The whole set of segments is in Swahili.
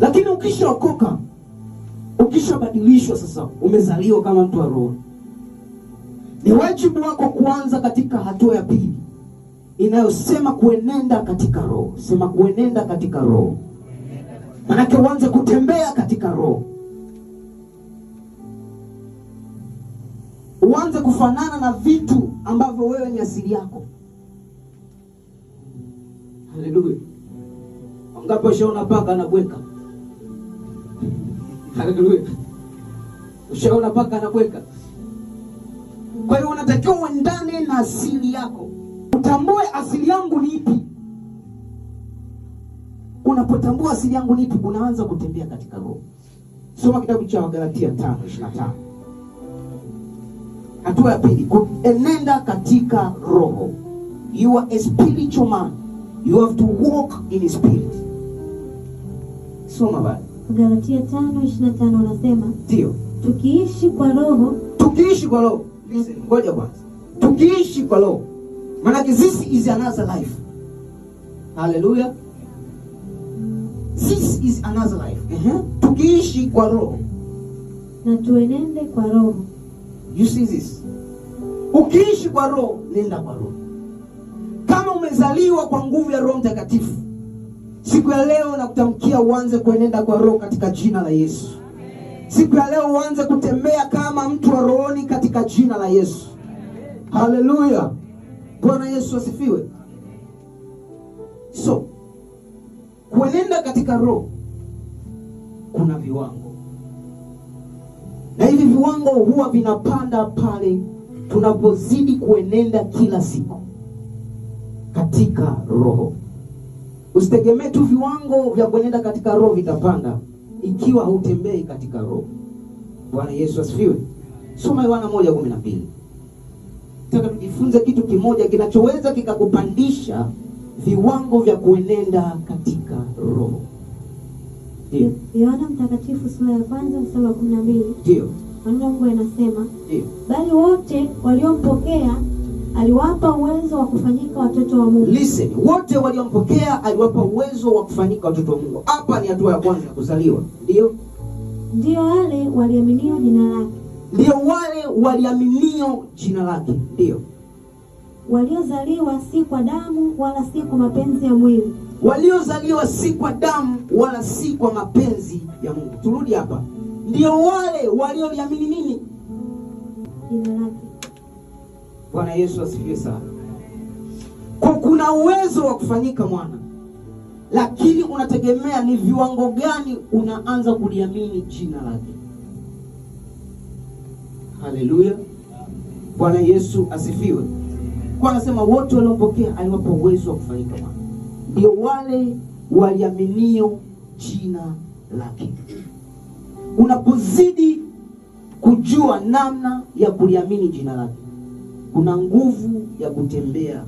Lakini ukishaokoka, ukishabadilishwa, sasa umezaliwa kama mtu wa roho, ni wajibu wako kuanza katika hatua ya pili inayosema kuenenda katika roho. Sema kuenenda katika roho, manake uanze kutembea katika roho, uanze kufanana na vitu ambavyo wewe ni asili yako. Haleluya! Angapo shaona paka anabweka Haleluya. Ushaona paka anabweka Kwa hiyo unatakiwa uendane na asili yako, utambue asili yangu ni ipi. Unapotambua asili yangu ni ipi, unaanza kutembea katika roho. Soma kitabu cha Wagalatia 5:25. Hatua ya pili, enenda katika roho. You are a spiritual man. You have to walk in spirit. Soma basi. Galatia 5:25 unasema ndio, tukiishi kwa roho, tukiishi kwa roho. Listen, ngoja kwanza, tukiishi kwa roho, maana this is another life. Haleluya, this is another life. uh -huh. Tukiishi kwa roho na tuenende kwa roho. You see this, ukiishi kwa roho, nenda kwa roho. Kama umezaliwa kwa nguvu ya Roho Mtakatifu Siku ya leo nakutamkia uanze kuenenda kwa roho katika jina la Yesu. Siku ya leo uanze kutembea kama mtu wa rohoni katika jina la Yesu. Haleluya! Bwana Yesu asifiwe. So kuenenda katika roho kuna viwango, na hivi viwango huwa vinapanda pale tunapozidi kuenenda kila siku katika roho. Usitegemee tu viwango vya kuenenda katika roho vitapanda ikiwa hautembei katika roho. Bwana Yesu asifiwe. Soma Yohana 1:12. Nataka tujifunze kitu kimoja kinachoweza kikakupandisha viwango vya kuenenda katika roho. Ndio. Yohana mtakatifu sura ya kwanza mstari wa 12. Ndio. Mungu anasema, Bali wote waliompokea aliwapa uwezo wa kufanyika watoto wa Mungu. Listen, wote waliompokea aliwapa uwezo wa kufanyika watoto wa Mungu. Hapa ni hatua ya kwanza ya kuzaliwa, ndio ndio wale waliaminio jina lake, ndio wale waliaminio jina lake, ndio waliozaliwa si kwa damu wala si kwa mapenzi ya mwili, waliozaliwa si kwa damu wala si kwa mapenzi ya Mungu. Turudi hapa, ndio wale walioliamini nini? Jina lake Bwana Yesu asifiwe sana. Kwa kuna uwezo wa kufanyika mwana, lakini unategemea ni viwango gani unaanza kuliamini jina lake. Haleluya, Bwana Yesu asifiwe. Kwa anasema wote waliompokea aliwapa uwezo wa kufanyika mwana, ndio wale waliaminio jina lake. Unapozidi kujua namna ya kuliamini jina lake kuna nguvu ya kutembea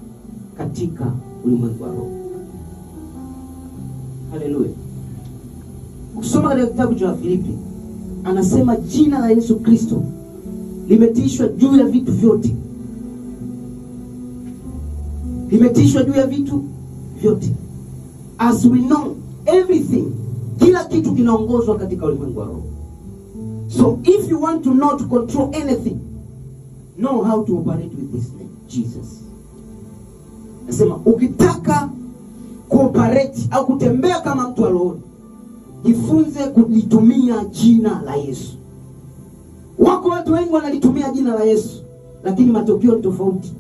katika ulimwengu wa roho. Haleluya! Ukisoma katika kitabu cha Wafilipi anasema jina la Yesu Kristo limetishwa juu ya vitu vyote, limetishwa juu ya vitu vyote. As we know everything, kila kitu kinaongozwa katika ulimwengu wa roho. So if you want to not control anything know how to operate with this name Jesus. Nasema ukitaka kuoperate au kutembea kama mtu wa jifunze kulitumia jina la Yesu. Wako watu wengi wanalitumia jina la Yesu, lakini matokeo ni tofauti.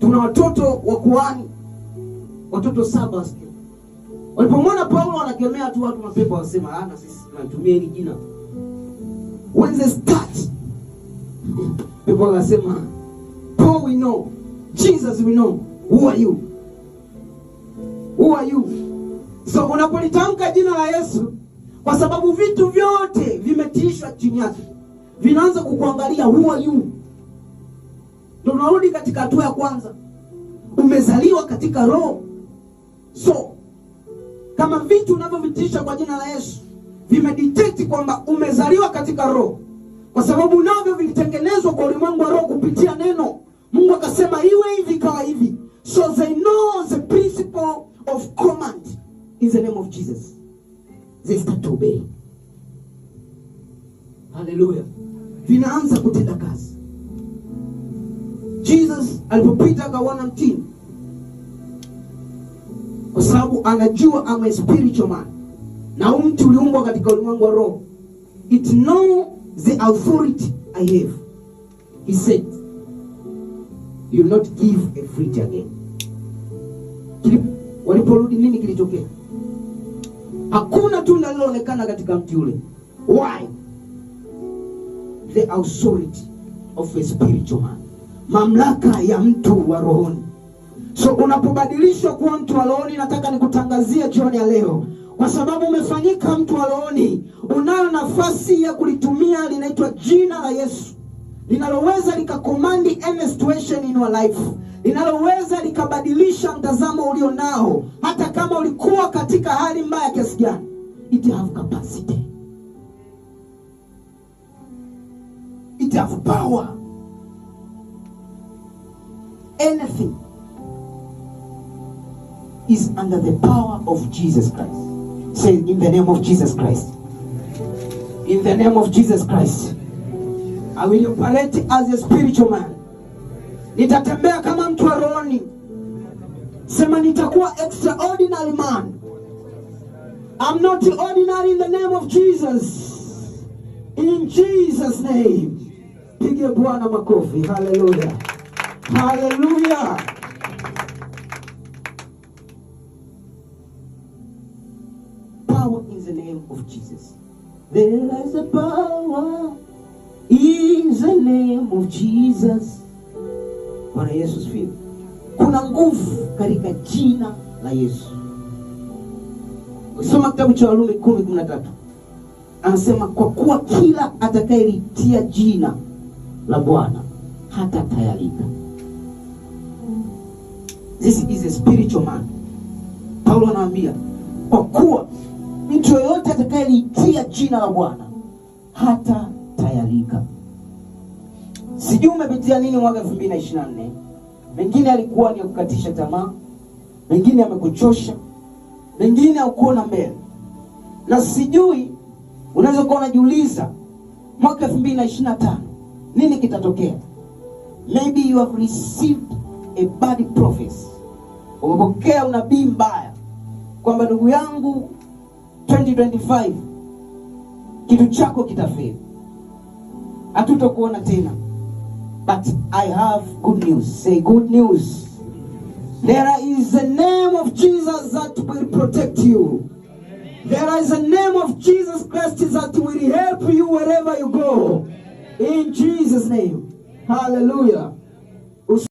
Tuna watoto wa kuhani, watoto saba walipomwona Paulo wanakemea tu watu mapepo, wasema ana sisi tunatumia hili jina. When they start Ndipo anasema Paul, we know Jesus, we know who are you, who are you. So unapolitamka jina la Yesu, kwa sababu vitu vyote vimetiishwa chini yake, vinaanza kukuangalia who are you. Ndio katika hatua ya kwanza, umezaliwa katika Roho. So kama vitu unavyovitisha kwa jina la Yesu vimedetect kwamba umezaliwa katika Roho kwa sababu navyo vilitengenezwa kwa ulimwengu wa roho kupitia neno. Mungu akasema iwe hivi, ikawa hivi. So they know the principle of command in the name of Jesus, they start to obey. Haleluya, vinaanza kutenda kazi. Jesus alipopita akaona mtini, kwa sababu anajua ama spiritual man, na huu mti uliumbwa katika ulimwengu wa roho. It know the authority I have. He said, you will not give a fridge again. Waliporudi nini kilitokea? Hakuna tunda lililoonekana katika mti ule. Why? The authority of a spiritual man. Mamlaka ya mtu wa rohoni. So unapobadilishwa kuwa mtu wa rohoni, nataka nikutangazie jioni ya leo, kwa sababu umefanyika mtu wa rohoni unayo nafasi ya kulitumia linaitwa jina la Yesu linaloweza likakomandi any situation in your life, linaloweza likabadilisha mtazamo ulio nao, hata kama ulikuwa katika hali mbaya kiasi gani. It have capacity, it have power, anything is under the power of Jesus Christ. Say in the name of Jesus Christ in the name of Jesus Christ. I will operate as a spiritual man. Nitatembea kama mtu wa rohoni. Sema nitakuwa extraordinary man. I'm not ordinary in the name of Jesus. In Jesus name. Pige Bwana makofi. Hallelujah. Hallelujah. Power in the name of Jesus. There is a power in the name of Jesus. Bwana Yesu sifiwe. Kuna nguvu katika jina la Yesu. Soma kitabu cha Warumi 10:13. Anasema kwa kuwa kila atakayelitia jina la Bwana hata tayarika. This is a spiritual man. Paulo anaambia kwa kuwa Mtu yoyote atakayelitia jina la Bwana hata tayarika. Sijui umepitia nini mwaka 2024. Mengine alikuwa ni kukatisha tamaa, mengine amekuchosha, mengine ukuona mbele, na sijui unaweza kuwa unajiuliza mwaka 2025 nini kitatokea? Maybe you have received a bad prophecy, umepokea unabii mbaya kwamba ndugu yangu 2025 kitu chako kitafeli, hatutokuona tena, but I have good news. Say good news. There is a name of Jesus that will protect you. There is a name of Jesus Christ that will help you wherever you go. In Jesus' name. Hallelujah.